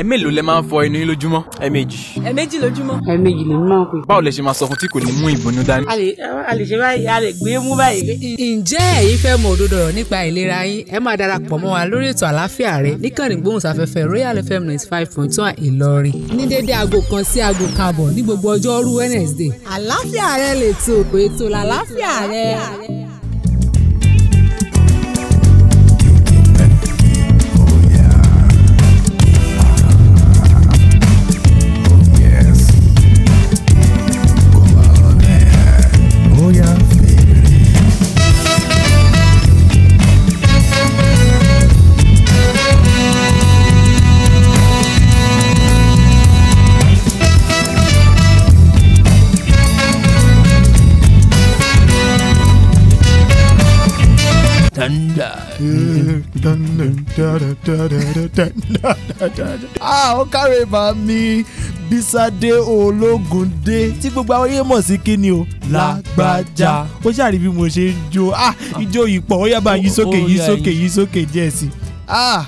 ẹ̀mélòó lẹ máa ń fọ ẹnu yín lójúmọ́. ẹ̀mejì. ẹ̀mejì lójúmọ́. ẹ̀mejì lè máa pè. báwo lẹ ṣe máa sọ fún tí kò ní mú ìbọnú dání. a lè ṣe báyìí a lè gbé mú báyìí. ǹjẹ́ ẹ̀yin fẹ́ mọ òdodo ọ̀rọ̀ nípa ìlera yín ẹ máa darapọ̀ mọ́ wa lórí ètò àlàáfíà rẹ níkànnì gbóhùnsáfẹ́fẹ́ Royal FM ninety five point one Ìlọrin ní dédé aago kan sí aago kan àbọ̀ ní gbogbo ọjọ́rú Wednesday àlàáfíà rẹ lè tó ètò làlàáfíà rẹ. Ah, ó kárẹ̀ bá mi bísádé ológundé tí gbogbo àwọn yé mọ̀ sí kíni o lágbájá ó ṣàrí bí mo ṣe ń jó ah, ijó yìí pọ̀ ó yàgbà yí sókè yí sókè yí sókè díẹ̀ sí i. Ah.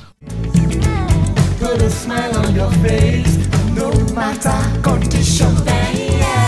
Put a smile on your face, no matter condition. yeah.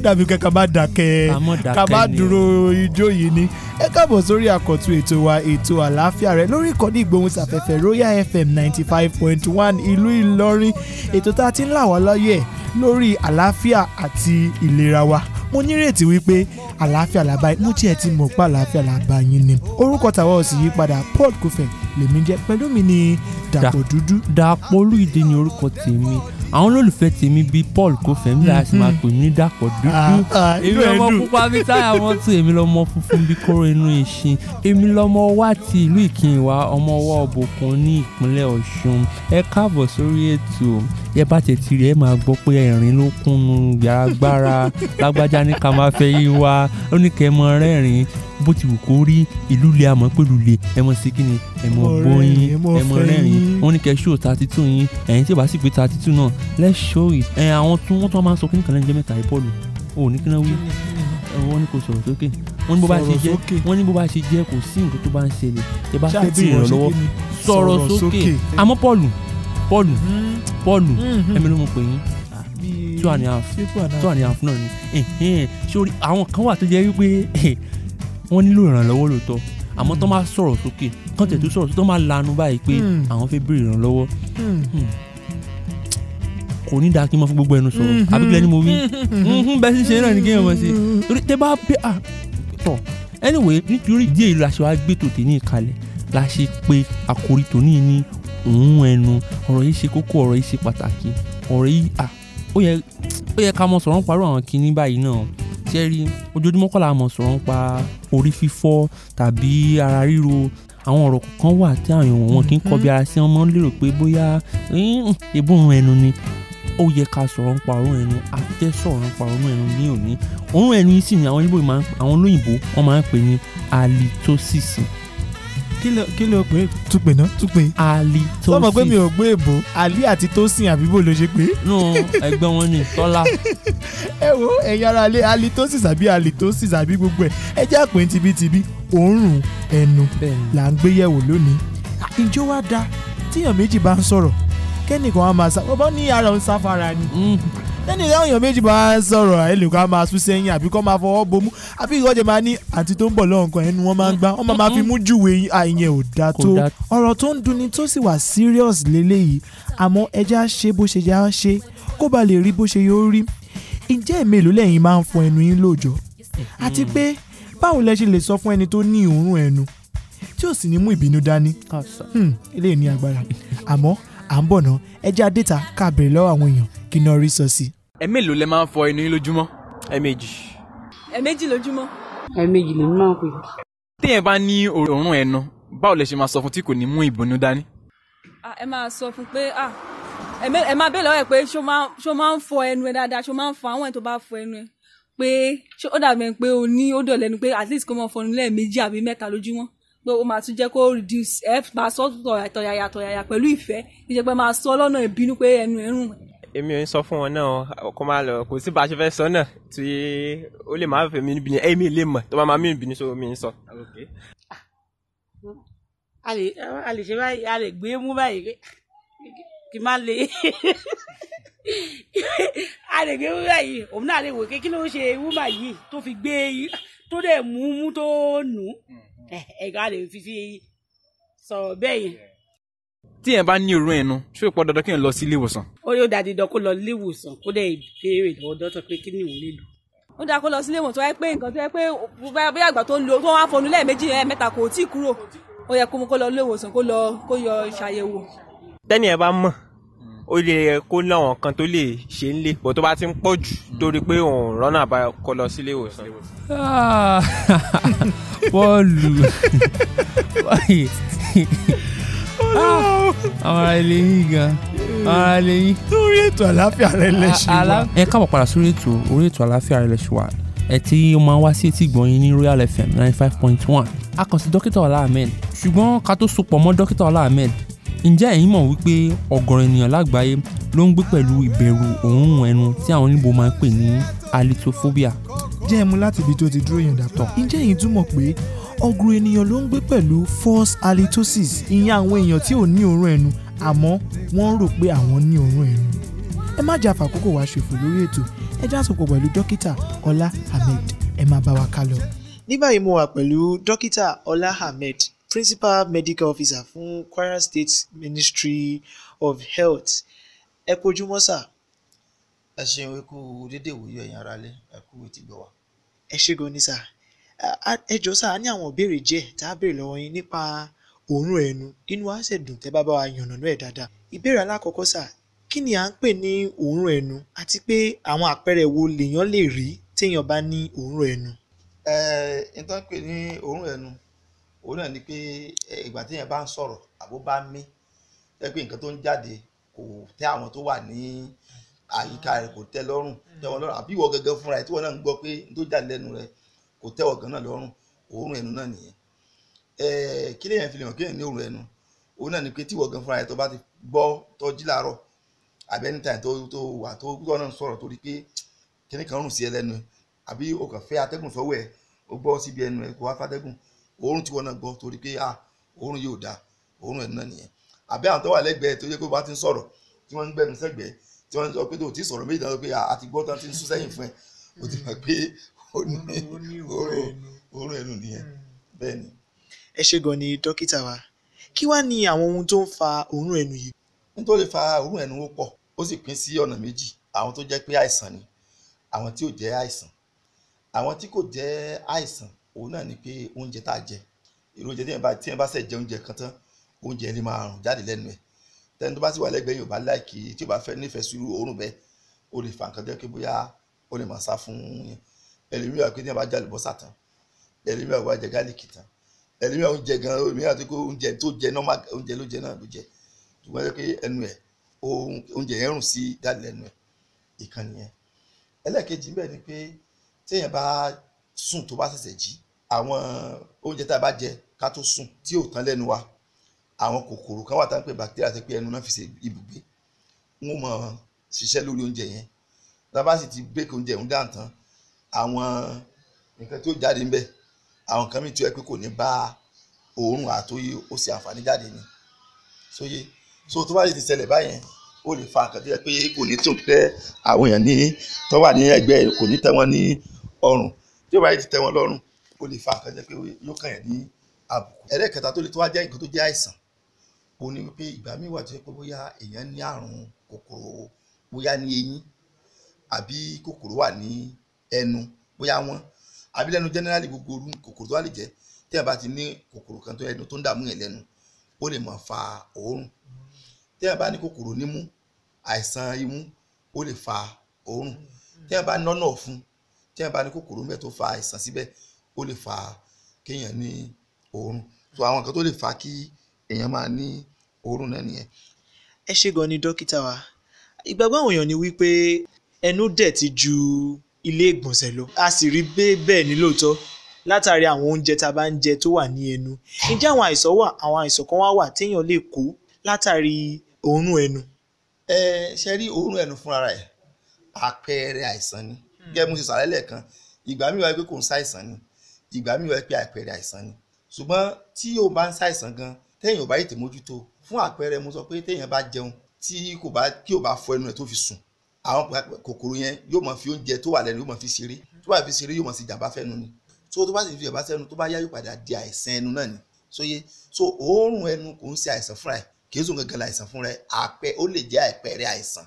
ó dàbí kẹ́ ká má dákẹ́ ká má dúró ijó yìí ni ẹ káàbọ̀ sórí àkọ́tún ètò wa ètò àlàáfíà rẹ̀ lórí ìkànnì ìgbóhùnsáfẹ́fẹ́ Royal FM ninety five point one ìlú Ìlọrin ètò tá a ti ń là wá láyé ẹ̀ lórí àlàáfíà àti ìlera wa mo nírètí wípé àlàáfíà làbá yín mo tiẹ̀ ti mọ̀ pé àlàáfíà làbá yín ni orúkọ tàwa ò sì yí padà Paul Kofẹ lèmi jẹ́ pẹ̀lú mi ni dàpọ̀ dúdú. dàpọ̀ olúyìdí ni orúkọ tèmi àwọn olólùfẹ́ tèmi bíi Paul Kofẹ́mi láti sì máa mm-hmm. pè mí ní dàpọ̀ dúdú ah, ah, èmi lọ́mọ pupa bíi táyà mọ́tò èmi lọ́mọ funfun bíi kóró inú ìṣin èmi lọ́mọ wá ti ìlú ìkìnyìnwá ọmọ ọwọ́ ọ̀bùnkún ní ìpínlẹ̀ Ọ̀ṣun ẹ káàbọ̀ sórí ètò yẹ bá tètè rí ẹ máa gbọ́ pé ẹ̀rín ló kúnnu yàrá gbára lágbájá ní ká máa fẹ́ yí wá ó ní kẹ́ mọ rẹ́rìn bó ti wù kó rí ìlú le àmọ́ pẹ̀lú le ẹ mọ̀ sí kí ni ẹ mọ̀ bóyin ẹ mọ̀ rẹ́rìn wọ́n ní kẹ́ ṣó thirty two yín ẹ̀yin tí ò bá sì pé thirty náà let's show it ẹ̀ àwọn tí wọ́n tún máa ń sọ kí nìkan lẹ́nu jẹ́ mẹ́ta ẹ̀ bọ́ọ̀lù ò ní kí náà wí wọ́n ní kò sọ̀rọ̀ sókè wọ́n ní bó bá ṣe jẹ́ wọ́n ní bó bá ṣe jẹ́ kò sí nǹkan tó bá ń ṣẹlẹ̀ ẹ bá fẹ́ bí ìrànlọ́wọ́ sọ̀rọ̀ sókè àmọ́ pọ́ọ̀lù pọ́ọ̀lù pọ́ọ̀lù ẹ̀mí ló mọ̀ pé yín ah, ah, two and a half two and a half náà ni sórí àwọn kan wà tó jẹ́ wípé wọ́n nílò ìrànlọ́wọ́ lóòótọ́ àmọ́ tó máa sọ̀rọ̀ sókè kán tètè sọ̀rọ̀ sókè tó máa lanu báyìí pé hmm. àwọn fẹ́ béèrè ìrànlọ́wọ́ hmm. Hmm. kò ní dáa kí n máa fún gbogbo ẹnu sọ̀rọ̀ àbí kílẹ̀ ni mo wí bẹ́ẹ̀ sì ṣe náà ní kéèyàn mọ̀ sí torí tẹ́ bá bẹ́ à ah, tọ̀ anyway nítorí ìdí èyí la ṣe wá gbé tòtí ní ìkalẹ̀ la ṣe pé àkòrí tòní ní òun ẹnu ọ̀rọ̀ yìí ṣe kókó ọ̀rọ̀ yìí ṣe pàtàkì ọ̀rọ̀ yìí à ah, ó yẹ ká mọ sọ̀rọ̀ ń parọ́ àwọn kinní báyìí náà ṣẹ́rí ojoojúmọ́ kọ́ la mọ̀ sọ̀rọ̀ nípa orí fífọ́ tàbí ara ríro àwọn ọ̀rọ̀ kan wà tí àwọn èèyàn wọn kì í kọbi ara sí wọn mọ́ lérò pé bóyá ebó òórùn ẹnu ni ó yẹ ká sọ̀rọ̀ nípa òórùn ẹnu afẹ́ sọ̀rọ̀ nípa òórùn ẹnu ní òní òórùn ẹnu yìí sì ni àwọn olóyìnbó wọn máa ń pè ní halitosis kí ló pé tupè náà tupè. ali tosin sọmọ pé mi ò gbé èbó ali àti tosin àbíbò ló ṣe pé. nù ẹgbẹ́ wọn ni tọ́lá. ẹ wo ẹ̀yin ara lé ali tosin àbí ali tosin àbí gbogbo ẹ̀ ẹ jẹ́ àpè tibítibí òórùn ẹnu là ń gbé yẹ̀wò lónìí. ìjó wa da tíyàn méjì bá ń sọ̀rọ̀ kẹ́nìkan á máa sá wọ́n ní ara òun sáfara ni. Mm tẹ́ni ìyá òyìn méjì máa ń sọ̀rọ̀ ẹlòmíkan máa sún sẹ́yìn àbí kọ́ máa fọwọ́ bomú àbí ìrọ́jẹ̀ máa ní àǹtí tó ń bọ̀ lọ́nkàn ẹnu wọn máa ń gbá wọn máa fi mú júwe àìyẹn ò dáa tó ọ̀rọ̀ tó ń dunni tó sì wà serious lélẹ́yìí àmọ́ ẹja ṣe bó ṣe já ṣe kó ba lè rí bó ṣe yóò rí ǹjẹ́ mélòó lẹ́yìn máa ń fọ ẹnu yín lóòjọ́ àti pé báwo lẹ ṣe lè sọ fún ẹni tó ní òórùn ẹnu tí ò sì ní mú ìbínú dání hmm, eléyìí ní agbára àmọ́ à ń bọ̀ ná ẹja déta ká lọ́wọ́ àwọn èèyàn kí náà rí sọ sí i ẹ̀mélòó lẹ máa ń fọ ẹnu yín lójúmọ́. ẹ̀ẹ̀mejì. ẹ̀ẹ̀mejì lójúmọ́. ẹ̀ẹ̀mejì lèmi máa ń pè. téèyàn bá ní òórùn ẹnu báwo lẹ ṣe máa sọ fún tí kò ní mú ìbònú dání. ẹ máa sọ fún pé ẹ máa bẹ̀rẹ̀ lọ́wọ́ ẹ pé ṣó máa ń fọ ẹnu ẹ dáadáa ṣó máa ń fọ àwọn ẹ̀ tó bá fọ ẹnu ẹ pé ó dàbẹ̀ pé o ní ó dọ̀lẹ́nu pé at least kó máa fọnu lẹ́ẹ̀mejì àbí mẹ́ta lójúmọ́ pé ó máa tún jẹ́ kó reduce ẹ máa sọ tọ̀yàyà tọ̀yàyà pẹ̀lú ìfẹ́ ìjẹ́pẹ́ máa sọ lọ́nà ìbínú pé ẹnu ẹ̀rùn èmi ò ń sọ fún wọn náà kó máa lọ kò sí bá a ṣe fẹ́ sọ náà tí ó lè máa fẹ́ mi níbi ni èmi lè mọ̀ tó bá máa mí níbi ni so mi ń sọ. a lè ṣe báyìí a le a lè gbé mú báyìí òun náà lè wò kí ló ń ṣe wúmà yìí tó fi gbé tó dẹ̀ mú mú tó nù mm-hmm. ẹ̀ka lè fi fi sọ̀rọ̀ bẹ́ẹ̀ yẹn tí yẹn bá ní irú ẹnu ṣé ìpọ dandan kí n lọ sí ilé ìwòsàn. ó yóò dàdí dán kó lọ ilé ìwòsàn kó dẹ̀ béèrè lọ́wọ́ dọ́tọ̀ pé kí ni òun lè lò. ó dáa kó lọ sílé ìwòsàn tó yẹ pé nǹkan tó yẹ pé bí àgbà tó ń lo tó wá fọnú lẹ́ẹ̀mejì lẹ́ẹ̀mẹ́ta kò tí ì kúrò ó yẹ kó mú kó lọ ilé ìwòsàn kó lọ kó yọ ṣàyẹ̀wò. tẹ́ni ẹ bá mọ̀ ó lè yẹ kó láwọn kan tó lè ṣe ń lé bó tó bá ti ń pọ̀ jù torí pé òun rọ́nà àbá kó lọ sílé ìwòsàn. Ah! bọ́ọ̀lù ara ilé yín gan ara ilé yín. lórí ètò àlàáfíà rẹ lẹ́sìn wa. ẹ káàbọ̀ padà sórí ètò orí ètò àlàáfíà rẹ lẹ́sìn wa ẹ tí ó máa wá sí etí gbọ̀nyìn ní Royal FM ninety five point one a kàn sí dókítà Ọlá Ahmed ṣùgbọ́n ká tó so pọ̀ mọ́ dókítà Ọlá Ahmed ǹjẹ́ ẹ̀yin mọ̀ wípé ọ̀gọ̀rọ̀ ènìyàn lágbàáyé ló ń gbé pẹ̀lú ìbẹ̀rù òórùn ẹnu tí àwọn oníbo máa ń pè ní alitophobia. jẹ́ ẹ mú láti ibi tó ti dúró yàn dàtọ̀ ǹjẹ́ ẹ̀yin túmọ̀ pé ọgùrù ènìyàn ló ń gbé pẹ̀lú false halitosis ìyẹn àwọn èèyàn tí ò ní òórùn ẹnu àmọ́ wọ́n rò pé àwọn ní òórùn ẹnu ẹ má jà fàkókò wá ṣòfò lórí ètò ẹ já sọ̀pọ̀ pẹ̀lú dókítà Ọlá Ahmed ẹ máa bá wa ká lọ. ní báyìí mo wà pẹ̀lú dókítà Ọlá Ahmed principal medical officer fún Kwara State Ministry of Health ẹ kojú mọ́ sà. ẹ ṣeun ikú dédé ìwòye ẹ̀yin aráalé ẹ kú ètí wa. ẹ ṣe gan ni sà ẹ jọ sáà ní àwọn ìbéèrè jẹ́ tá a béèrè lọ́wọ́ yín nípa òórùn ẹnu inú wa ṣe dùn tẹ́ bá bá wa yànnàná ẹ̀ dáadáa ìbéèrè alákọ̀ọ́kọ́ sáà kí ni à ń pè ní òórùn ẹnu àti pé àwọn àpẹẹrẹ wo lèèyàn lè rí téèyàn bá ní òórùn ẹnu. ẹ ẹ n tó ní òórùn ẹnu òun náà ni pé ìgbà téèyàn bá ń sọ̀rọ̀ àbó bá ń mí ẹ pé nǹkan tó ń jáde kò tẹ́ àwọn tó wà ní àyíká rẹ̀ kò tẹ́ lọ́rùn mm. tẹ́ wọn lọ́rùn àbí ìwọ gẹ́gẹ́ fúnra ẹ̀ tí wọn náà ń gbọ́ pé n tó jáde lẹ́nu rẹ̀ kò tẹ́wọ̀ kan náà lọ́rùn òórùn ẹnu náà nìyẹn kí lèyàn fi lè hàn kéèyàn ní òórùn ẹnu òun náà ni pé tíwọ̀ gan fúnra rẹ̀ tó bá ti gbọ́ tó jí làárọ̀ àbí ẹni tàn tó tó wà tó gbọ́ náà sọ̀rọ̀ torí pé kíní kan rùn sí ẹ lẹ́nu ẹ àbí o kàn fẹ́ atẹ́gùn sọ́wọ́ ẹ o gbọ́ síbi ẹnu ẹ kó wá fàtẹ́gùn òórùn tíwọ̀ náà gbọ́ torí pé ah òórùn yóò dáa òórùn ẹnu náà nìyẹn àbí àwọn tó ó ní oró ẹnu nìyẹn hmm. bẹ́ẹ̀ ni. ẹ ṣe gan ni dókítà wa kí wàá ní àwọn ohun tó ń fa òórùn ẹnu yìí. ohun tó lè fa òórùn ẹnu ó pọ̀ ó sì pín sí ọ̀nà méjì àwọn tó jẹ́ pé àìsàn ni àwọn tí ò jẹ́ àìsàn àwọn tí kò jẹ́ àìsàn òun náà ni pé oúnjẹ tá a jẹ irú oúnjẹ tí ẹ bá ṣe jẹ oúnjẹ kan tán oúnjẹ ni máa rùn jáde lẹ́nu ẹ̀ tẹ́ni tó bá sì wà lẹ́gbẹ̀ẹ́ yóò bá láìkì tí ò bá fẹ́ nífẹ̀ẹ́ sí irú òórùn bẹ́ẹ̀ ó lè fa nǹkan jẹ́ pé bóyá ó lè máa sá fún yẹn ẹlòmíì àpé tí wọn bá jẹ àlùbọ́sà tán ẹlòmíì àwọn àjẹ gálíkì tán ẹlòmíì àwọn oúnjẹ gan ẹlòmíì àti pé oúnjẹ tó jẹ nọ́mà oúnjẹ ló jẹ náà ló jẹ ṣùgbọ́n ẹ pé ẹnu ẹ oúnjẹ yẹn rùn sí dáàlì ẹnu ẹ ìkan nìyẹn ẹlẹ́ẹ̀kejì ń bẹ̀ ni pé téèyàn bá sùn tó bá ṣẹ̀ṣẹ̀ jí àwọn oúnjẹ tá a bá jẹ ká tó sùn tí ò tán lẹ́nu wa àwọn kòkòrò kan wà tá à ń pè pé ẹnu náà fi ṣe ibùgbé wọn mọ̀ ṣiṣẹ́ lórí oúnjẹ yẹn tá a bá sì ti bake oúnjẹ ọ̀hún dáǹtán àwọn nǹkan tí ó jáde ńbẹ àwọn nǹkan míì tí ó yẹ pé kò ní bá òórùn àtòyè ó ṣe àǹfààní jáde ni sóye so tó bá lè ti ṣẹlẹ̀ báyẹn ó lè fa nǹkan tó yẹ pé kò ní tún tẹ àwọn èèyàn ní tó wà ní ẹgbẹ́ kò ní tẹ wọ́n ní ọrùn tí ó bá lè ti tẹ wọ́n lọ́rùn ó lè fa nǹkan tó yẹ pé yóò kàn yẹn ní àbùkù ẹlẹ́kẹta tó lè tó wá jẹ́ nǹkan tó jẹ́ àìsàn ó ní wípé ìgbà míì wà tó yẹ pé bóyá èèyàn ní àrùn kòkòrò bóyá ní eyín àbí kòkòrò wà ní ẹnu bóyá wọ́n àbí lẹ́nu generally gbogbo orú kòkòrò tó wà lè jẹ́ tí ẹ̀ bá ti ní kòkòrò kan tó ẹnu tó ń dààmú yẹn lẹ́nu ó lè máa fa òórùn tí ẹ̀ bá ní kòkòrò nímú àìsàn imú ó lè fa òórùn tí ẹ̀ bá ní lọ́nà ọ̀fun tí ẹ̀ bá ní kòkòrò mẹ́ẹ̀ tó fa àìsàn síbẹ̀ ó lè fa kéèyàn ní òórùn so àwọn nǹkan tó lè fa kí èèyàn máa ní òórùn náà nìyẹn. ẹ ṣé gan ni dókítà wa ìgbàgbọ́ àwọn èèyàn ni wípé ẹnu dẹ̀ ti ju ilé ìgbọ̀nsẹ̀ lọ a sì rí bẹ́ẹ̀ ní lóòótọ́ látàrí àwọn oúnjẹ tá a bá ń jẹ tó wà ní ẹnu ǹjẹ́ àwọn àìsàn wà àwọn àìsàn kan wá wà téèyàn lè kó látàrí òórùn ẹnu. ẹ ṣe rí òórùn ẹnu fúnra rẹ àpẹẹrẹ àìsàn ni hmm. gẹ́gẹ́ bí mo ṣe ṣàlàyé lẹ́ẹ̀kan ìgbà mi wáyé pé kò ń ṣàìsàn ni ìgbà mi wáyé pé àpẹẹrẹ àìsàn ni ṣùgbọ́n tí o bá ń ṣàìsàn gan téèyàn ò bá yètè mójútó fún àpẹẹrẹ mo sọ pé téèyàn bá jẹun tí kò bá kí o bá fọ ẹnu ẹ tó fi sùn àwọn kòkòrò yẹn yóò máa fi oúnjẹ tó wà lẹ́nu yóò máa fi ṣeré tó bá fi ṣeré yóò máa sì jàmbá fẹ́nu ni so tó bá sì fi jàmbá fẹ́nu tó bá yá yóò padà di àìsàn ẹnu náà ni sóye so òórùn ẹnu kò ń ṣe àìsàn fúnra ẹ̀ kì í sùn gangan àìsàn fúnra ẹ̀ àpẹ ó lè jẹ́ àìpẹ̀rẹ̀ àìsàn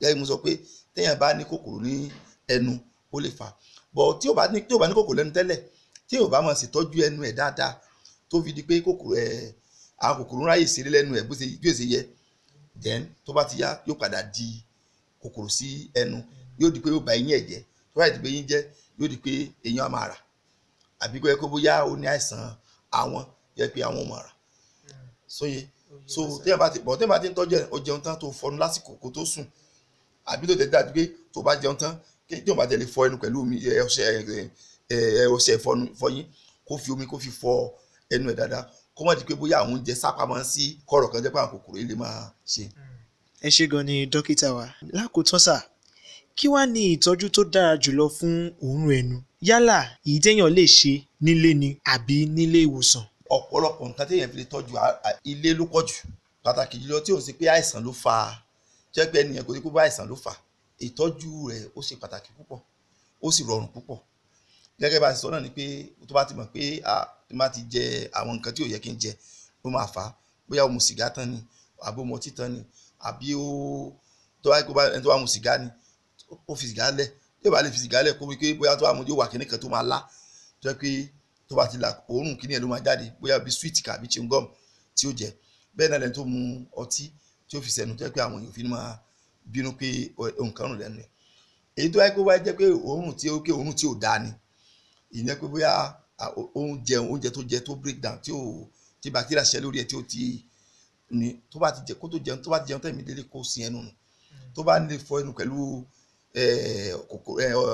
gẹ́gẹ́ mo sọ pé téèyàn bá ní kòkòrò ní ẹnu ó lè fà bọ̀ tí ò bá ní tí ò bá ní kòkòrò lẹ́nu tẹ́lẹ̀ tí ò bá máa sì tọ́jú ẹnu ẹ̀ dáadáa tó fi di pé kòkòrò ẹ̀ àwọn kòkòrò ráyè ṣeré lẹ́nu ẹ̀ bó ṣe yẹ then tó bá ti yá yóò padà di kòkòrò sí ẹnu yóò di pé ó ba eyín ẹ̀ jẹ́ tó bá ti pé eyín jẹ́ yóò di pé èèyàn á máa àbí pé kó bóyá ó ní àìsàn àwọn yẹ pé àwọn ọmọ rà sóye so téèyàn bá ti bọ̀ téèyàn bá ti ń tọ́jú ẹ̀ ó jẹun tán tó fọnu lásìkò kó tó sùn àbí tó tẹ̀lé àti pé tó bá jẹun tán téèyàn bá tẹ̀lé fọ ẹnu pẹ̀lú omi ọṣẹ ọṣẹ ìfọyín kó fi omi kó fi fọ ẹnu ẹ̀ dáadáa kó ẹ ṣé gan ni dókítà wa lákòótán sà kí wàá ní ìtọ́jú tó dára jùlọ fún òórùn ẹnu yálà èyí téèyàn lè ṣe nílé ni àbí nílé ìwòsàn. ọ̀pọ̀lọpọ̀ nǹkan téèyàn fi lè tọ́jú ilé ló pọ̀ jù pàtàkì jùlọ tí ò ń pé àìsàn ló fa jẹ́ pé ẹnìyàn kò ní kó bá àìsàn ló fà ìtọ́jú rẹ̀ ó ṣe pàtàkì púpọ̀ ó sì rọrùn púpọ̀ gẹ́gẹ́ bá a ṣe sọ náà ni pé tó bá ti mọ̀ pé a má ti jẹ àwọn nǹkan tí ò yẹ kí n jẹ ló máa fà á bóyá o mu sìgá tán ni àbó mo ọtí tán ni àbí ó tó bá kó bá ẹni tó bá mu sìgá ni ó fi sìgá lẹ̀ tí ó bá lè fi sìgá lẹ̀ kó wípé bóyá tó bá mu yóò wà kíní kan tó máa lá tó yẹ pé tó bá ti là òórùn kíní ẹ̀ ló máa jáde bóyá bí sweet kàbí chewing-gum tí ó jẹ bẹ́ẹ̀ náà lẹ́ni tó mu ọtí tí ó fi sẹ́nu tó yẹ pé àwọn èèyàn fi máa bínú pé nǹkan rùn lẹ́nu ẹ̀ èyí tó wáyé kó wáyé jẹ́ pé òórùn tí ó ké òórùn tí ò dáa ni ìyẹn pé bóyá oúnjẹ oúnjẹ tó jẹ tó break down tí ò tí bacteria ṣẹ lórí ẹ̀ tí ó ti ni tó bá ti jẹ kó tó jẹun tó bá ti jẹun tẹ̀mí délé kó sin ẹnu nù tó bá lè fọ ẹnu pẹ̀lú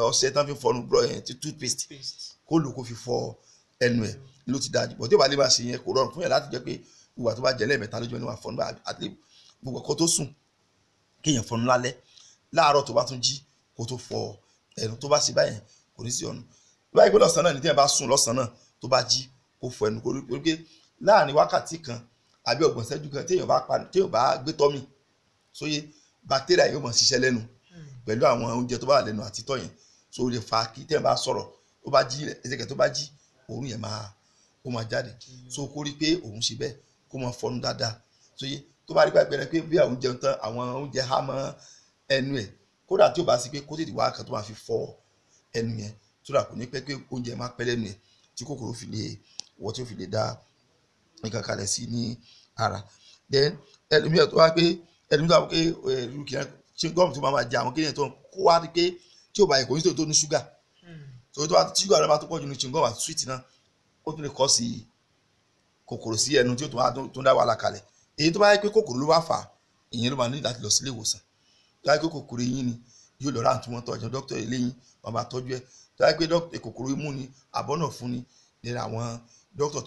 ọṣẹ tán fi fọnu ti toothpaste kó lò kó fi fọ ẹnu ẹ ló ti dájú bọ̀ tí ó bá lè máa ṣe yẹn kò rọrùn fún yẹn láti jẹ́ pé ìwà tó bá jẹ lẹ́ẹ̀mẹ́ta lójúmọ́ ni wà fọnú àti gbogbo ọkọ tó sùn kéèyàn fọnú lálẹ́ láàárọ̀ tó bá tún jí kó tó fọ ẹnu tó bá ṣe báyẹn kò ní sí ọ̀nà báyìí pé lọ́sàn-án náà ní tí yẹn bá sùn lọ́sàn-án náà tó bá jí kó fọ ẹnu kó rí pé láàrin wákàtí kan àbí ọgbọ̀n ìṣẹ́jú kan téèyàn bá pa téèyàn bá gbé tọ́mì sóyè bacteria yóò mọ̀ ṣiṣẹ́ lẹ́nu hmm. pẹ̀lú àwọn oúnjẹ tó bá wà lẹ́nu àti tọ́ yẹn so ó lè fa kí téèyàn bá sọ̀rọ̀ tó bá jí ẹsẹ̀kẹ̀ tó bá jí òórùn yẹn máa ó máa jáde hmm. so kó rí pé òun ṣe bẹ́ẹ̀ kó máa fọnu dáadáa sóyè tó bá rí pé pẹ́ẹ́rẹ́ pé bí àwọn oúnjẹ tán àwọn oúnjẹ há mọ́ ẹnu ẹ̀ kódà tí ò bá sí pé kó tètè wá kan tó máa fi fọ ẹnu nǹkan kalẹ̀ sí ní ara then ẹlòmíràn tó wá pé ẹlòmíràn tó wá pé ẹlòmíràn kìí ṣe gọ́ọ̀mù tó máa ma jẹ àwọn kéèyàn tó ń kó wá pé tí ò bá ìkòyí tó ní ṣúgà tó hmm. tó bá tí ṣúgà rẹ̀ bá tó pọ̀ jù ní ṣìngọ́ọ̀mù àti sweet náà ó tún lè kọ́ sí kòkòrò sí ẹnu tí ó tún dá wàhálà kalẹ̀ èyí tó bá yẹ pé kòkòrò ló wá fà á ìyẹn ló máa ní láti lọ sílé ìwòsàn tó bá yẹ pé kòkòrò eyín ni yóò lọ ráǹtí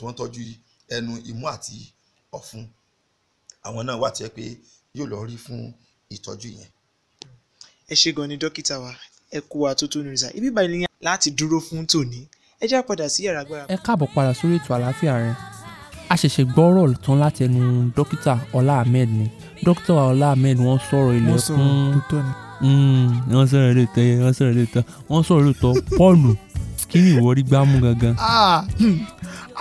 wọn tọjú ẹnu imú àti ọ̀fun àwọn náà wà tí ẹ pé yóò lọ rí fún ìtọ́jú yẹn. ẹ ṣe gan ni dókítà wa ẹ kó wa tó tó ní rìsà ibi báyìí ni láti dúró fún tòní ẹ já padà sí yàrá agbára. ẹ káàbọ̀ padà sórí ètò àlàáfíà rẹ a ṣẹ̀ṣẹ̀ gbọ́rọ̀ tán láti ẹnu dókítà ọlá ahmed ni dókítà ọlá ahmed wọ́n sọ̀rọ̀ ilẹ̀ fún wọ́n sọ̀rọ̀ ilé tẹ́ hmm, wọ́n sọ̀rọ̀ ilé tẹ́ wọ́n sọ̀rọ̀ ilé tọ́ pọ́ọ̀lù kí ni ìwọ gbámú gangan. Ah, hmm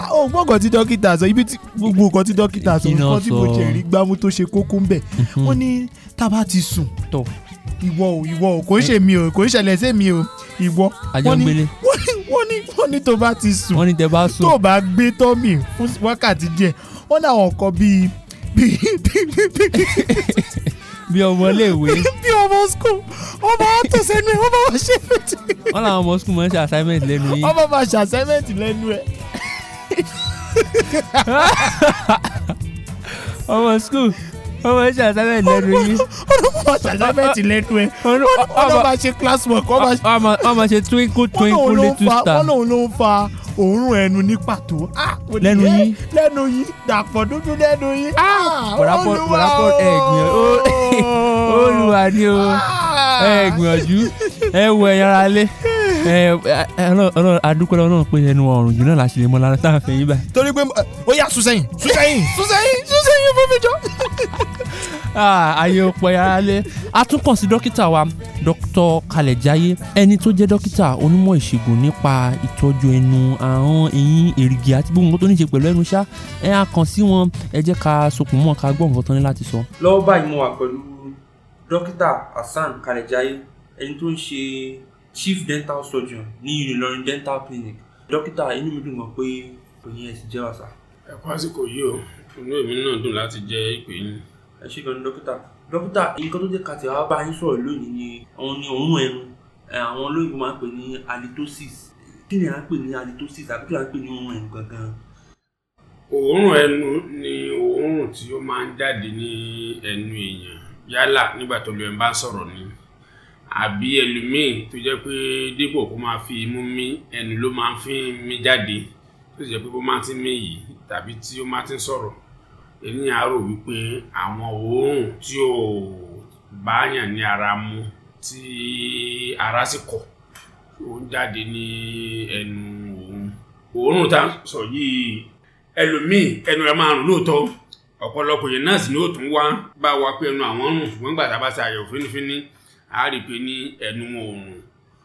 o gbọ́ nǹkan tí dókítà sọ ibi tí gbogbo nǹkan tí dókítà sọ nǹkan tí mo jẹ̀ rí gbámú tó ṣe kókó ń bẹ̀ wọ́n ní tá a bá ti sùn tọ̀ ìwọ o ìwọ o kò ń ṣe eh? mi o kò ń ṣẹlẹ̀ sí mi o ìwọ wọ́n ní wọ́n ní wọ́n ní tó bá ti sùn tó bá gbé tọ́mì fún wákàtí díẹ̀ wọ́n ní àwọn nǹkan bíi bíi ọmọ iléèwé. bí ọmọ skul ọmọ àtọ̀sẹ́nu ẹ̀ ọmọ wa ṣe fẹ́tì. wọ́n làwọn ọmọ skul máa ń ṣe assignment lẹ́nu yìí. ọmọ máa ṣe assignment lẹ́nu ẹ̀ ọmọ skul ọmọ ẹ ṣàṣàbẹ̀ lẹ́nu yín. ọmọ ṣàṣàbẹ̀ ti lẹ́nu ẹ ọmọ bá ṣe class work. ọmọ ṣe twinkle twinkle little star. wọ́n lòun ló ń fa òórùn ẹnu ní pàtó. lẹ́nu yín lẹ́nu yín dàpọ̀ dúdú lẹ́nu yín. pọ̀lápọ̀ pọ̀lápọ̀ ẹ̀ gbìyànjú olùwà ni o ẹ̀ gbìyànjú ẹ̀ wọ ẹ̀yàrá lé adúpẹ́ lọ́wọ́ náà pé ẹnu ọ̀rùn jù náà la ṣe lè mọ lára tá a fẹ́ yín báyìí. torí pé ó yà sùn sẹ́yìn sùn sẹ́yìn sùn sẹ́yìn sùn sẹ́yìn fún mi jọ. Ah, ayé òpè alẹ́ a tún kàn sí dókítà wa dókítà Kalẹ̀jáyé ẹni tó jẹ́ dókítà onímọ̀ ìṣègùn nípa ìtọ́jú ẹnu ahọ́n eyín èrìgì àti gbogbo nǹkan tó ní ṣe pẹ̀lú ẹnu ṣá ẹ á kàn sí wọn ẹ jẹ́ ká sokùn mọ́ ká gbọ́ nǹkan tán ní láti sọ. lọ́wọ́ báyìí mo wà pẹ̀lú dókítà Hasan Kalẹ̀jáyé ẹni tó ń ṣe chief dental surgeon ní Unilorin dental clinic dókítà inú mi dùn gan pé òyìn ẹ sì jẹ́ wàsà. ẹ kú àsìkò yìí o inú èmi náà dùn láti jẹ́ ìpè yín. ẹ ṣé gan ni dókítà dókítà nǹkan tó jẹ́ ká ti wá bá yín sọ̀rọ̀ lónìí ni òun ni òórùn ẹnu àwọn olóyìnbó máa ń pè ní halitosis kí ni à ń pè ní halitosis àbí kí ni à ń pè ní òórùn ẹnu gangan. òórùn ẹnu ni òórùn tí ó máa ń jáde ní ẹnu èèyàn yálà nígbà tó lóyún bá ń sọ̀rọ̀ ni àbí ẹlòmíì tó jẹ́ pé dípò kó máa fi imú mí ẹnu ló máa fi ń mí jáde tó jẹ́ pé bó máa ti mí yìí tàbí tí ó máa ti sọ̀rọ̀ èmi á rò wípé àwọn òórùn tí ò báyàn ní ara mu tí ara sì kọ̀ ó ń jáde ní ẹnu òun òórùn tá sọ yìí ẹlòmíì ẹnu rẹ̀ máa rùn lóòótọ́ ọ̀pọ̀lọpọ̀ yẹn náà sì ni ó tún wá bá wa pé ẹnu àwọn rùn ṣùgbọ́n gbàtà bá ṣe àyẹ̀wò fínífíní a rí pé ní ẹnu oòrùn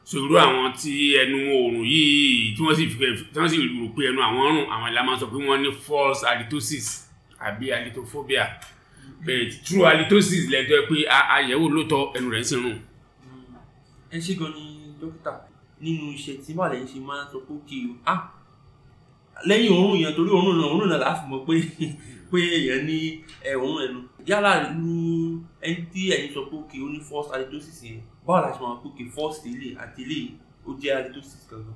sòrò àwọn tí ẹnu oòrùn yìí tí wọ́n sì fẹ́ tí wọ́n sì rò pé ẹnu àwọn ọrùn àwọn ìlànà sọ pé wọ́n ní false halitosis àbí halitophobia bẹ́ẹ̀ true halitosis lẹ́tọ́ ẹ pé àyẹ̀wò lóòótọ́ ẹnu rẹ̀ ń sì rùn. ẹ ṣe gan ni dókítà nínú iṣẹ́ tí màlẹ ń ṣe máa ń sọ pé kí o ah lẹ́yìn òórùn yẹn torí òórùn náà òórùn náà láàfin mọ̀ pé pé èèyàn ní ẹ òórùn ẹnu yálà ní ẹni tí ẹ̀yin sọ pé òkè ó ní first halitosis yẹn báwo la ṣe máa pé òkè first ilé àti ilé ó jẹ́ halitosis kankan.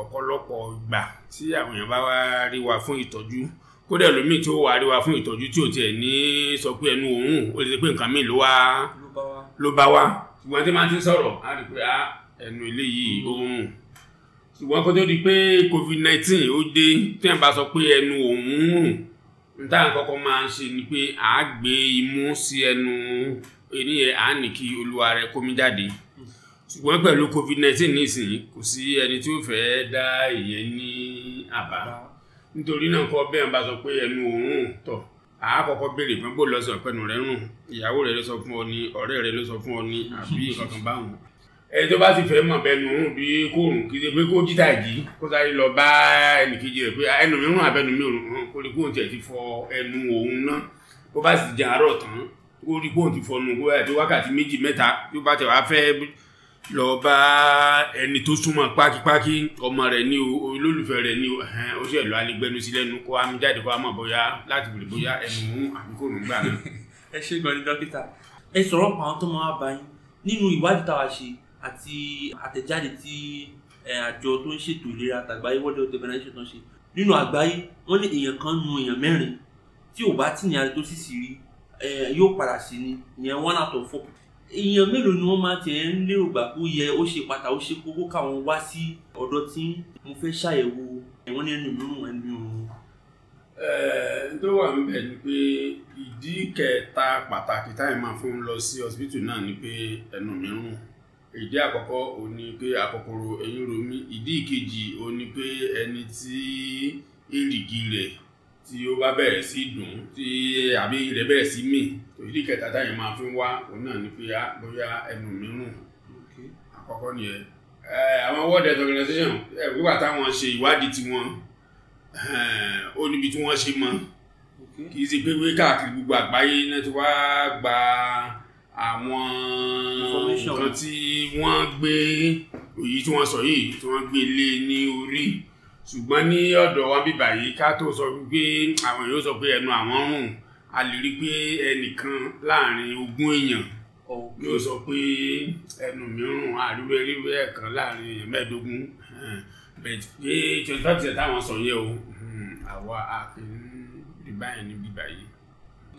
ọ̀pọ̀lọpọ̀ ìgbà tí àwọn èèyàn bá wá rí wa fún ìtọ́jú kódà lómi tí ó wà rí wa fún ìtọ́jú tí ò tiẹ̀ ní sọ pé ẹnu òun ó lè ṣe pé nǹkan míì ló wá ló bá wá ṣùgbọ́n tí máa ti sọ̀rọ̀ á rí pé ah, ẹnu ilé yìí òun hmm. ṣùgbọ́n kó tó di pé covid nineteen ó dé tí wọ́n bá sọ pé ẹnu òun nta kọ́kọ́ máa ń ṣe ni pé à á gbé imú sí ẹnu ẹni yẹn à á ní kí olúwa rẹ kómi jáde ṣùgbọ́n pẹ̀lú covid nineteen nísìnyí kò sí ẹni tí ó fẹ́ dá ìyẹn ní àbá nítorí náà kọ́ bẹ́ẹ̀ bá sọ pé ẹnu òórùn tọ̀ à á kọ́kọ́ béèrè pé bó lọ sọ pẹ̀lú rẹ rùn ìyàwó rẹ ló sọ fún ọ ni ọ̀rẹ́ rẹ ló sọ fún ọ ni àbí nǹkan báwọn ẹ tó bá sì fẹ́ mọ̀ bẹnu bí kò rùn kí pé kó jíta jí kó sáré lọ bá ẹnìkejì rẹ̀ pé ah, ẹnu mi rún abẹnu mi rùn kó rí kóun tiẹ̀ ti fọ ẹnu òun náà bó bá sì jẹ àárọ̀ tán kó rí kóun ti fọnu kó ẹ̀ tó wákàtí méjì mẹ́ta tó bá tẹ̀ wá fẹ́ lọ bá ẹni tó súnmọ́ pákípákí ọmọ rẹ̀ ní o olólùfẹ́ rẹ̀ ní o ó sì lọ alẹ́gbẹ́nu sí lẹ́nu kó amú jáde kó amọ̀ bóyá láti bèrè bóyá ẹnu òun àbí kò rùn gbà náà. ẹ ṣe gbọ́n ní dókítà ẹ sọ̀rọ̀ pa tó máa bá yín nínú ìwádìí táwa ṣe àti àtẹ̀jáde tí àjọ tó ń ṣètò ìlera àtàgbáyé World Health Organization tó ń ṣe nínú àgbáyé wọ́n ní èèyàn kan nu èèyàn mẹ́rin tí ò bá tì ní àrètòsísì rí yóò padà sí ni ìyẹn one out of four èèyàn mélòó ni wọ́n máa tẹ̀ ń lérò gbà ó yẹ ó ṣe pàtàkì ó ṣe kókó káwọn wá sí ọ̀dọ̀ tí mo fẹ́ ṣàyẹ̀wò ẹ̀wọ̀n ní ẹnu mìíràn ẹnu òun. tó wà níbẹ̀ ni pé ìdí kẹta pàtàkì táyì máa fún un lọ sí ọsibítù náà ni pé ẹnu mìíràn ìdí àkọ́kọ́ ò ní pé akòkòrò ẹ̀yìn ro mí ìdí ìkejì ò ní pé ẹni tí èrìgì rẹ̀ tí ó bá bẹ̀rẹ̀ sí dùn tí àbí rẹ̀ bẹ̀rẹ̀ sí mì ìdí kẹta táyìn máa fi wá òun náà ní pé bóyá ẹnu mi àkọ́kọ́ nìyẹn àwọn world health organization wíwà táwọn ṣe ìwádìí tiwọn ó níbi tí wọ́n ṣe mọ́ kì í ṣe pé káàkiri gbogbo àgbáyé náà ti wá gba. Okay àwọn nǹkan tí wọ́n gbé òyí tí wọ́n sọ yìí tí wọ́n gbé lé ní orí ṣùgbọ́n ní ọ̀dọ̀ wa bíbà yìí ká tó sọ pé àwọn yóò sọ pé ẹnu àwọn rùn a lè rí pé ẹnìkan láàrin ogún èèyàn yóò sọ pé ẹnu mìíràn àríwẹ̀ríwẹ̀ ẹ̀kan láàrin èèyàn mẹ́ẹ̀ẹ́dógún bẹ̀ẹ̀ pé twenty five percent táwọn sọ yẹ o àwa àfihàn rí báyìí ní bíbà yìí.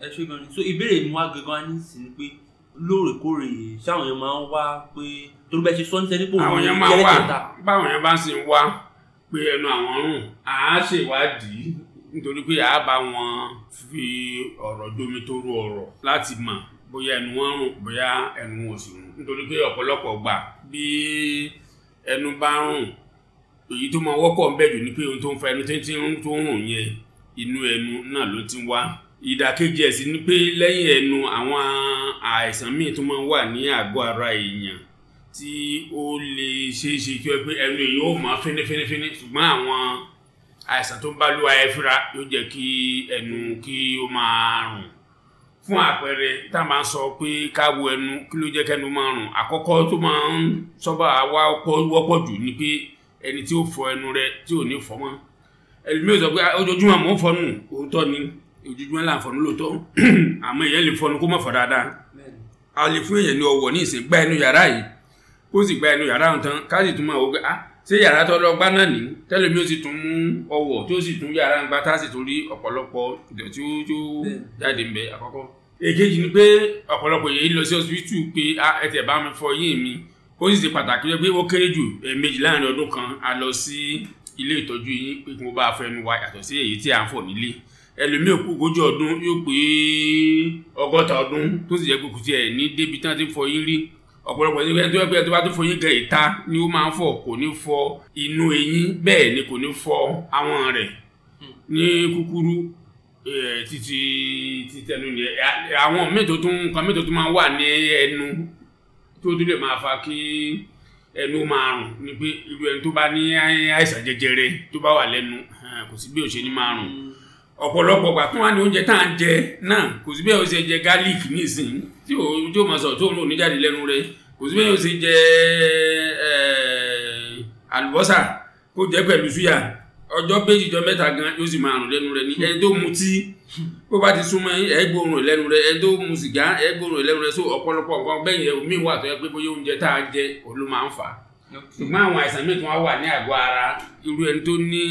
ẹ ṣe gan ni so ìbéèrè mi wá gangan ní sí pé lóòrèkóòrè ṣáwọn yẹn máa ń wá pé torí bẹ́ẹ̀ ṣe sọ sẹ́ni pò wọ́n yẹn máa ń wá báwọn yẹn bá ń sìn wá pé ẹnu àwọn rùn á ṣèwádìí nítorí pé àá bá wọn fi ọ̀rọ̀ domi toro ọ̀rọ̀ láti mọ̀ bóyá ẹnu wọn rùn bóyá ẹnu wọn sì rùn nítorí pé ọ̀pọ̀lọpọ̀ gbà bí ẹnu bá rùn èyí tó máa wọ́pọ̀ ń bẹ̀ ni pé ohun tó ń fa ẹnu tó ń rùn yẹn inú ẹnu náà ló ti wá ìdàkejì ẹ̀ sì ni pé lẹ́yìn ẹnu àwọn àìsàn míì tó máa ń wà ní àgọ́ ara èèyàn tí ó lè ṣeé ṣe kí ọ pé ẹnu èèyàn ó máa fínífínífíní ṣùgbọ́n àwọn àìsàn tó ń bá lúwa ẹ fúnra yóò jẹ́ kí ẹnu kí ó máa rùn fún àpẹẹrẹ tá a máa sọ pé káwo ẹnu kí ló jẹ́ kẹ́nu máa rùn àkọ́kọ́ tó máa ń sọ́bà wá wọ́pọ̀ jù ni pé ẹni tí ó fọ ẹnu rẹ tí ò ní fọ mọ́ ẹlòmíràn sọ pé ojoojúmọ́ mò ń òótọ́ ni ojoojúmọ́ là ń fọnú lóòótọ́ àmọ́ ìyẹn lè fọnú kó mọ̀ fọ́ dáadáa a lè fún èèyàn ní ọwọ́ ní ìsìn gba ẹnu yàrá yìí kó sì gba ẹnu yàrá tán ká sì tún máa wọ pé ah ṣé yàrá tó lọ gbá náà ní tẹ́lẹ̀mí ó sì tún mú ọwọ́ tó sì tún yàrá ń gbá tá sì tún rí ọ̀pọ̀lọpọ̀ ìdọ̀tí ó tó jáde ńbẹ àkọ́kọ́. èkejì ni pé ọ̀pọ̀lọpọ̀ yẹn lọ sí ọsibítù pé ah, ẹ tẹ̀ bá mi fọ yín mi ó sì ṣe pàtàkì pé ó kéré jù ẹ̀ẹ̀mejì láàrin ọdún kan a lọ sí ilé ìtọ́jú yín pé kí wọ́n bá fẹnu wa yàtọ̀ sí èyí tí à ń fọ̀ nílé ẹlòmí òkú ogójì ọdún yóò pé ọgọ́ta ọdún tó sì jẹ́ pé kò tiẹ̀ ní débi tí wọ́n ti fọ yín rí ọ̀pọ̀lọpọ̀ ẹni tó yẹ pé tó fọ yín gan ìta ni ó máa ń fọ kò ní fọ inú eyín bẹ́ẹ̀ ni kò ní fọ àwọn rẹ̀ ní kúkúrú títí títẹnu ni àwọn mẹ́tò tó ń kan mẹ́tò tó máa ń wà ní ẹnu tó tó máa fa kí ẹnu máa rùn ni pé irú ẹni tó bá ní àìsàn jẹjẹrẹ tó bá wà lẹ́nu kò sí bí òṣèlú máa rùn ọ̀pọ̀lọpọ̀ gbà tó wà ní oúnjẹ tá à ń jẹ náà kò sí bẹ́ẹ̀ o ṣe jẹ garlic nísìnyí tí o tí o máa sọ tó ń lò ní jáde lẹ́nu rẹ kò sí bẹ́ẹ̀ o ṣe jẹ eh, àlùbọ́sà kó jẹ pẹ̀lú súyà ọjọ́ méjì jọ mẹ́ta gan yóò sì máa rùn lẹ́nu rẹ ní ẹni tó mutí bó bá ti súnmọ́ ẹ gbóòórùn lẹ́nu rẹ ẹni tó mu sìgá ẹ gbóòórùn lẹ́nu rẹ so ọ̀pọ̀lọpọ̀ nǹkan bẹ́ẹ̀ yẹn omi wà tó yẹ pé bóyá oúnjẹ tá à ń jẹ òun ló máa ń fà á ṣùgbọ́n àwọn àìsàn míì tí wọ́n wà ní àgọ́ ara irú ẹni tó ní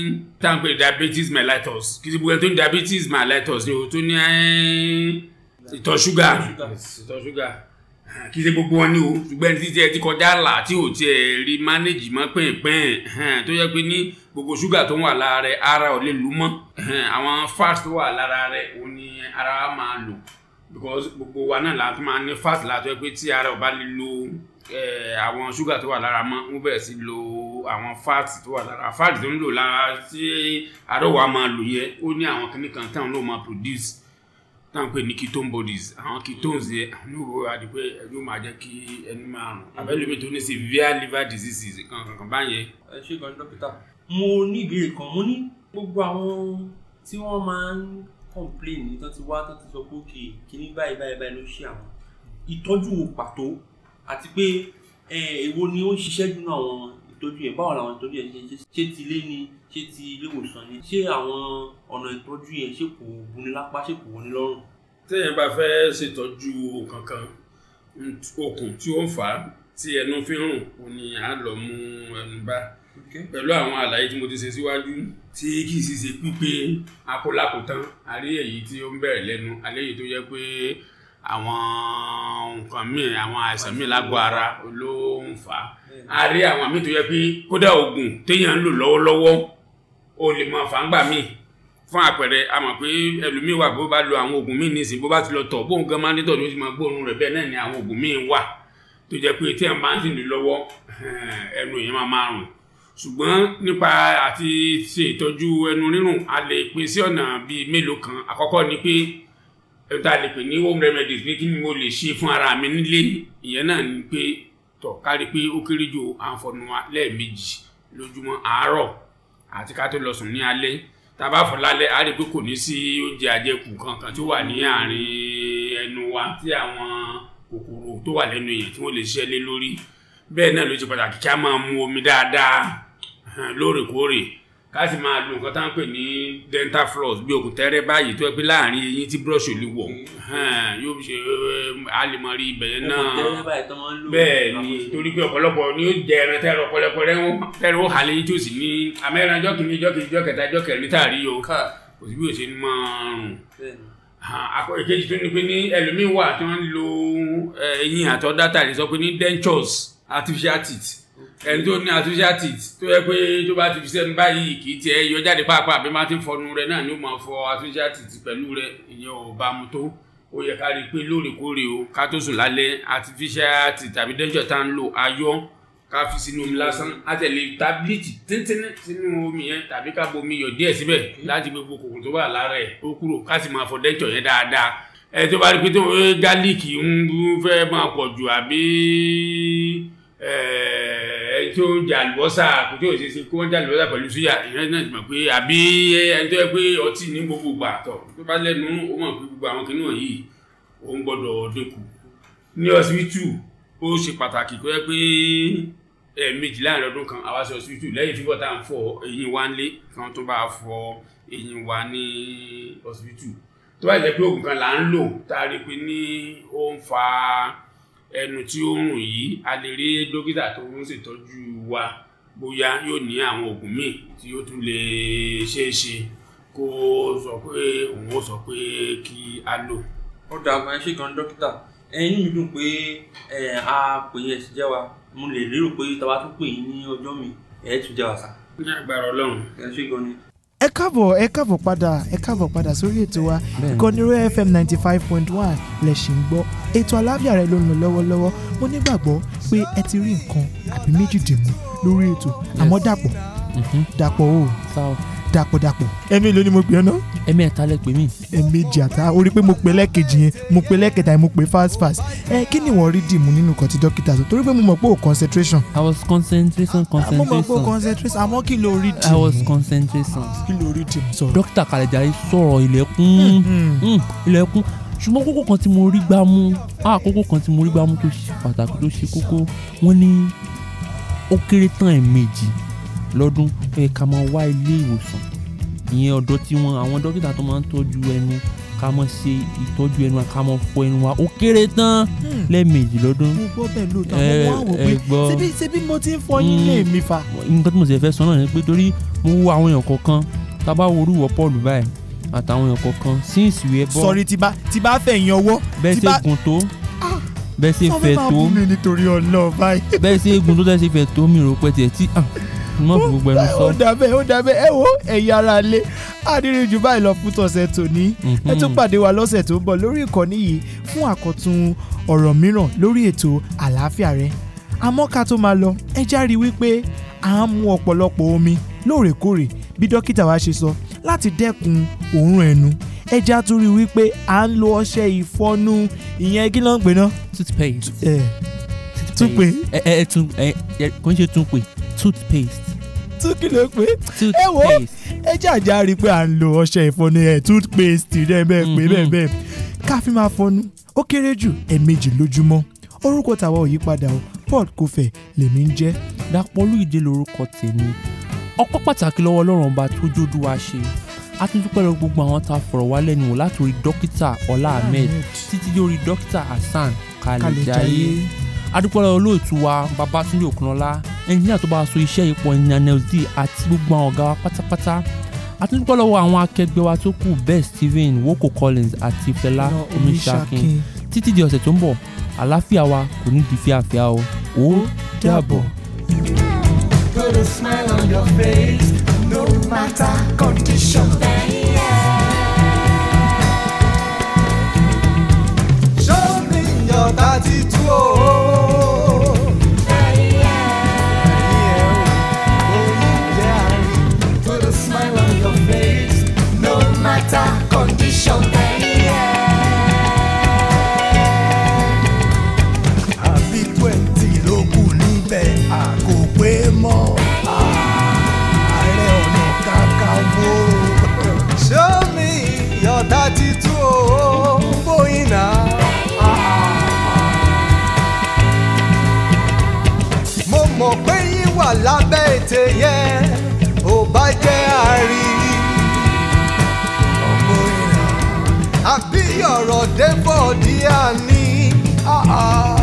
táǹpé diabetes mellitus kí ti gbogbo ẹni tó ní diabetes mellitus ni o tó ní eh, ìtọ̀ ṣúgà ìtọ̀ ṣúgà kí ti gbogbo wọn ni o ṣùgbọ́n ẹni tí tiẹ̀ ti kọjá là tí o tiẹ̀ rí manage mọ́ pẹ́ẹ́pẹ́ẹ́ tó yẹ pé ní gbogbo ṣúgà tó wà lára rẹ̀ ara ò lè lù mọ́ àwọn fat tó wà lára rẹ̀ òun ni ara máa lò because gbogbo wa náà láti máa ní fat láti ẹ pé tí ara ò bá lè lo eh, àwọn ṣúgà tó wà lára mọ́ wọ́n bẹ̀rẹ̀ sí lo àwọn fat tó wà lára fat tó ń lò lára tí ara ò wá máa lò yẹ ó ní àwọn kíní kan táwọn náà máa produce táwọn pè ní ketone bodies àwọn ketones yẹ àwọn òwò àdìpé ẹni ó máa jẹ́ kí ẹni máa rùn abẹ́lẹ́mi tó ní severe liver diseases kankan báyẹn. ẹ ṣe gan dókítà mo ní ìbéèrè kan mo ní gbogbo àwọn tí wọ́n máa ń complain ní tán ti wá tán ti sọ pé òkè kíní báyìí báyìí báyìí ló ṣe àwọn ìtọ́jú pàtó àti pé èwo ni ó ń ṣiṣẹ́ jù náà àwọn ìtọ́jú yẹn báwo làwọn ìtọ́jú yẹn ṣe ń ṣe ṣé ti ilé ni ṣé ti ilé ìwòsàn ni ṣé àwọn ọ̀nà ìtọ́jú yẹn ṣé kò buni lápá ṣé kò wọ́n ní lọ́rùn. téèyàn bá fẹ́ ṣètọ́jú kankan okùn tí ó ń fà á tí ẹnu fi ń rùn kò ní mú ẹnu bá pẹ̀lú àwọn àlàyé tí mo ti ṣe síwájú tí kì í sì ṣe pípé akólákòtán àrí èyí tí ó ń bẹ̀rẹ̀ lẹ́nu àlẹ́ èyí tó yẹ pé àwọn nǹkan míì àwọn àìsàn míì lágọ̀ ara ló ń fà á àrí àwọn míì tó yẹ pé kódà oògùn téèyàn ń lò lọ́wọ́lọ́wọ́ ó lè máa fà míì fún àpẹẹrẹ a mọ̀ pé ẹlòmíì wà bó bá lo àwọn oògùn míì nísìn bó bá ti lọ tọ̀ bóun gan máa ń dítọ̀ ló ti máa gbóòórùn rẹ̀ bẹ́ẹ̀ náà ni àwọn oògùn míì wà tó jẹ́ pé tí ẹ̀ máa ń sìn lọ́wọ́ ẹnu èèyàn máa máa rùn ṣùgbọ́n nípa àti ṣe ìtọ́jú ẹnu rírùn a lè pín sí ọ̀nà bíi mélòó kan àkọ́kọ́ ni pé ẹ̀rọ tá a lè pè ní home remedies pé kí ni mo lè ṣe fún ara mi nílé ìyẹn náà ni pé tọ̀ kárí pé ó kéré jù àǹfọ̀nù wa lẹ́ẹ̀mejì lójúmọ́ àárọ̀ àti ká tó lọ sùn ní alẹ́ tá a bá fọ̀ lálẹ́ a rí i pé kò ní sí oúnjẹ àjẹkù kankan tó wà ní àárín ẹnu wa tí àwọn kòkòrò tó wà lẹ́nu yẹn tí wọ́n lè ṣiṣẹ́ lé lórí bẹ́ẹ̀ náà ló ṣe pàtàkì kí a máa mu omi dáadáa lóòrèkóòrè ká sì máa lo nǹkan tá à ń pè ní dental floss bí okùn tẹ́rẹ́ báyìí tó yẹ pé láàrin eyín tí búrọ́ọ̀ṣì lè wọ̀ yóò ṣe a lè mọ rí ibẹ̀ yẹn náà bẹ́ẹ̀ ni torí pé ọ̀pọ̀lọpọ̀ ni ó jẹ ẹran tẹ́rọ pẹlẹpẹrẹ tẹ́rọ ó hàlẹ́ yín tí ó sì ní amẹ́ran ọjọ́ kìíní ọjọ́ kejì ọjọ́ kẹta ọjọ́ kẹrin tààrí o kò sí bí o ṣe ń mọ ọrùn akọ ìkejì tó ní pé ní ẹlòmíín wà tí wọ́n ń lo eyín àtọ́dá tààrí sọ pé ní dentures artificial teeth ẹni tó ní artificial teeth tó yẹ pé tó bá ti fi sẹ́nu báyìí kì í tiẹ̀ yọ jáde pàápàá bí máa ti fọnu rẹ náà ni ó máa fọ artificial teeth pẹ̀lú rẹ ìyẹn ò bá mu tó ó yẹ ká rí i pé lóòrèkóòrè o ká tó sùn lálẹ́ artificial teeth tàbí denture tá à ń lò ayọ́ ká fi sínú omi lásán á tẹ̀lé tábìlìtì tíntínní sínú omi yẹn tàbí ká bomi yọ díẹ̀ síbẹ̀ láti gbogbo kòkòrò tó wà lára ẹ̀ ó kúrò ká sì máa fọ denture yẹn dáadáa ẹ tó bá rí i pé tó ń eh, gálíìkì ń fẹ́ máa pọ̀ jù àbí Eh, tó ń jẹ àlùbọ́sà kò tí ò ṣe ṣe kó wọ́n jẹ àlùbọ́sà pẹ̀lú súyà ìyẹn náà ti mọ̀ pé àbí ẹni tó yẹ pé ọtí ní gbogbo ìgbà tọ̀ tó bá lẹ́nu ó mọ̀ pé gbogbo àwọn kìnìún yìí òun gbọ́dọ̀ dínkù ní ọsibítù ó ṣe pàtàkì kó yẹ pé ẹ̀ẹ̀mejì láàrin ọdún kan àwa ṣe ọsibítù lẹ́yìn fífọ́ tá à ń fọ eyín wa ń lé kan tó bá fọ eyín wa ní ọsibítù tó bá jẹ́ pé oògùn kan là ń lò tá a rí pé ní ó ń fa ẹnu tí ó ń rùn yìí a lè rí dókítà tó ń ṣètọ́jú wa bóyá yóò ní àwọn oògùn míì tí ó tún lè ṣeé ṣe kó sọ pé òun ó sọ pé kí a lò. ó dà máa ṣe gan dókítà ẹyin mi dùn pé a pè é ẹsì jẹ́ wa mo lè lérò pé tàbá tún pè yín ní ọjọ́ mi ẹ̀ tún jẹ́ wa sá. ní agbára ọlọ́run. ẹ ṣe gan ni ẹ káàbọ̀ ẹ káàbọ̀ padà ẹ káàbọ̀ padà sórí ètò wa ìkànnì Royal FM ninety five point one lẹ̀ ṣì ń gbọ́ ètò àlàáfíà rẹ ló ń lọ lọ́wọ́lọ́wọ́ mo nígbàgbọ́ pé ẹ ti rí nǹkan àbí méjì dìmú lórí ètò àmọ́ dàpọ̀ mhm. dàpọ̀ o dàpọ̀dàpọ̀ ẹ̀mí ló ni mo pè ọ́ náà. ẹ̀mí ẹ̀ta lẹ pè mí. ẹ̀mí jàtá o rí pé mo pè lẹ́ẹ̀kejì yẹn mo pè lẹ́ẹ̀kẹta yẹn mo pè fast fast ẹ kí ni wọ́n rí dìmú nínú kan tí dókítà sọ torí pé mo mọ̀ pé o concentration. I was concentration concentration. Ah, mo mọ̀ pé concentration àmọ́ kí ló rí dìmú. I was concentration. kí ló rí dìmú sọ̀rọ̀. dókítà Kalejaye sọ̀rọ̀ ilẹ̀kùn mm-hmm. mm, ilẹ̀kùn ṣùgbọ́n kókó kan tí mo rí gbá mú àkókò ah, kan tí mo rí gbá tó ṣe pàtàkì tó ṣe kókó wọ́n ní ó kéré tán ẹ̀ẹ̀mejì lọ́dún ó yẹ ká máa wá ilé ìwòsàn ìyẹn ọ̀dọ̀ tí wọn àwọn dókítà tó máa ń tọ́jú ẹnu ká máa ṣe ìtọ́jú ẹnu ká máa fọ ẹnu wa ó kéré tán hmm. lẹ́ẹ̀mejì lọ́dún. mo gbọ́ bẹ́ẹ̀ lóòótọ́ àwọn wá wò pé ṣebí ṣebí mo ti ń fọ yín lé mi fa. Hmm. nǹkan tí mo sì fẹ́ sọ náà ni pé torí mo wo àwọn èèyàn kọ̀ọ̀kan tá a bá wo orúwọ Paul báyìí àtàwọn èèyàn kọ̀ọ̀kan since we were sọrí ti bá ti bá fẹ̀yìn ọwọ́. bẹ́ẹ̀ ṣe ah, bẹ́ẹ̀ ṣe gùn tó bẹ́ẹ̀ ṣe fẹ̀ tó mi rò pẹ́ tiẹ̀ tí ah, mọ̀ fún gbogbo ẹnu sọ. ó dàbẹ̀ ó dàbẹ̀ ẹ wo ẹ̀yin ara lé àdínrín jù báyìí lọ fún tọ̀sẹ̀ tòní mhm. ẹ tún pàdé wa lọ́sẹ̀ tó ń bọ̀ lórí ìkànnì yìí fún àkọ́tún ọ̀rọ̀ mìíràn lórí ètò àlàáfíà rẹ àmọ́ ká tó máa lọ ẹ járe wípé à ń mu ọ̀pọ̀lọpọ̀ omi lóòrèkóòrè bí dókítà wa ṣe sọ láti dẹ́kun òórùn ẹnu ẹja tún rí wípé à ń lo ọṣẹ ìfọnu ìyẹn kí ló pè náà. toothpaste. ẹ tún pè. ẹ ẹ tún ẹ kò ń ṣe tún pè toothpaste. tún kí ló pé ẹ wo ẹ jàjà rí i pé à ń lo ọṣẹ ìfọnu ẹ toothpaste rẹ bẹ́ẹ̀ pé bẹ́ẹ̀ mm-hmm. bẹ́ẹ̀ ká fi máa fọnu ó kéré jù ẹ̀ẹ̀mejì lójúmọ́ orúkọ tàwa ò yí padà o Paul Kofẹ lèmi ń jẹ́. Dàpọ̀lú Ìdè lorúkọ tèmi ọpẹ́ pàtàkì lọ́wọ́ Ọlọ́run ọba tó jódú wa ṣe a tún dúpẹ́ lọ gbogbo àwọn tá a fọ̀rọ̀ wá lẹ́nu wò látòrí dókítà Ọlá Ahmed títí dórí dókítà Hasan Kalejaye adúpọ̀lá olóòtú wa babatunde okunola ẹnjìnìà tó bá so iṣẹ́ yìí pọ̀ àti gbogbo àwọn ọ̀gá wa pátápátá àtúntò lọ́wọ́ àwọn akẹgbẹ́ wa tó kù bẹ́ẹ̀ Steven Woko Collins àti Fẹlá Omiṣakin títí di ọ̀sẹ̀ tó ń bọ̀ àlàáfíà wa kò ní di fíàfíà o ó dàbọ̀. Put a smile on your face, no matter condition. Show me your attitude. lábẹ́ ètè yẹn ò bá jẹ́ àrí. àbí ọ̀rọ̀ débọ̀ díà ní. Ah, ah.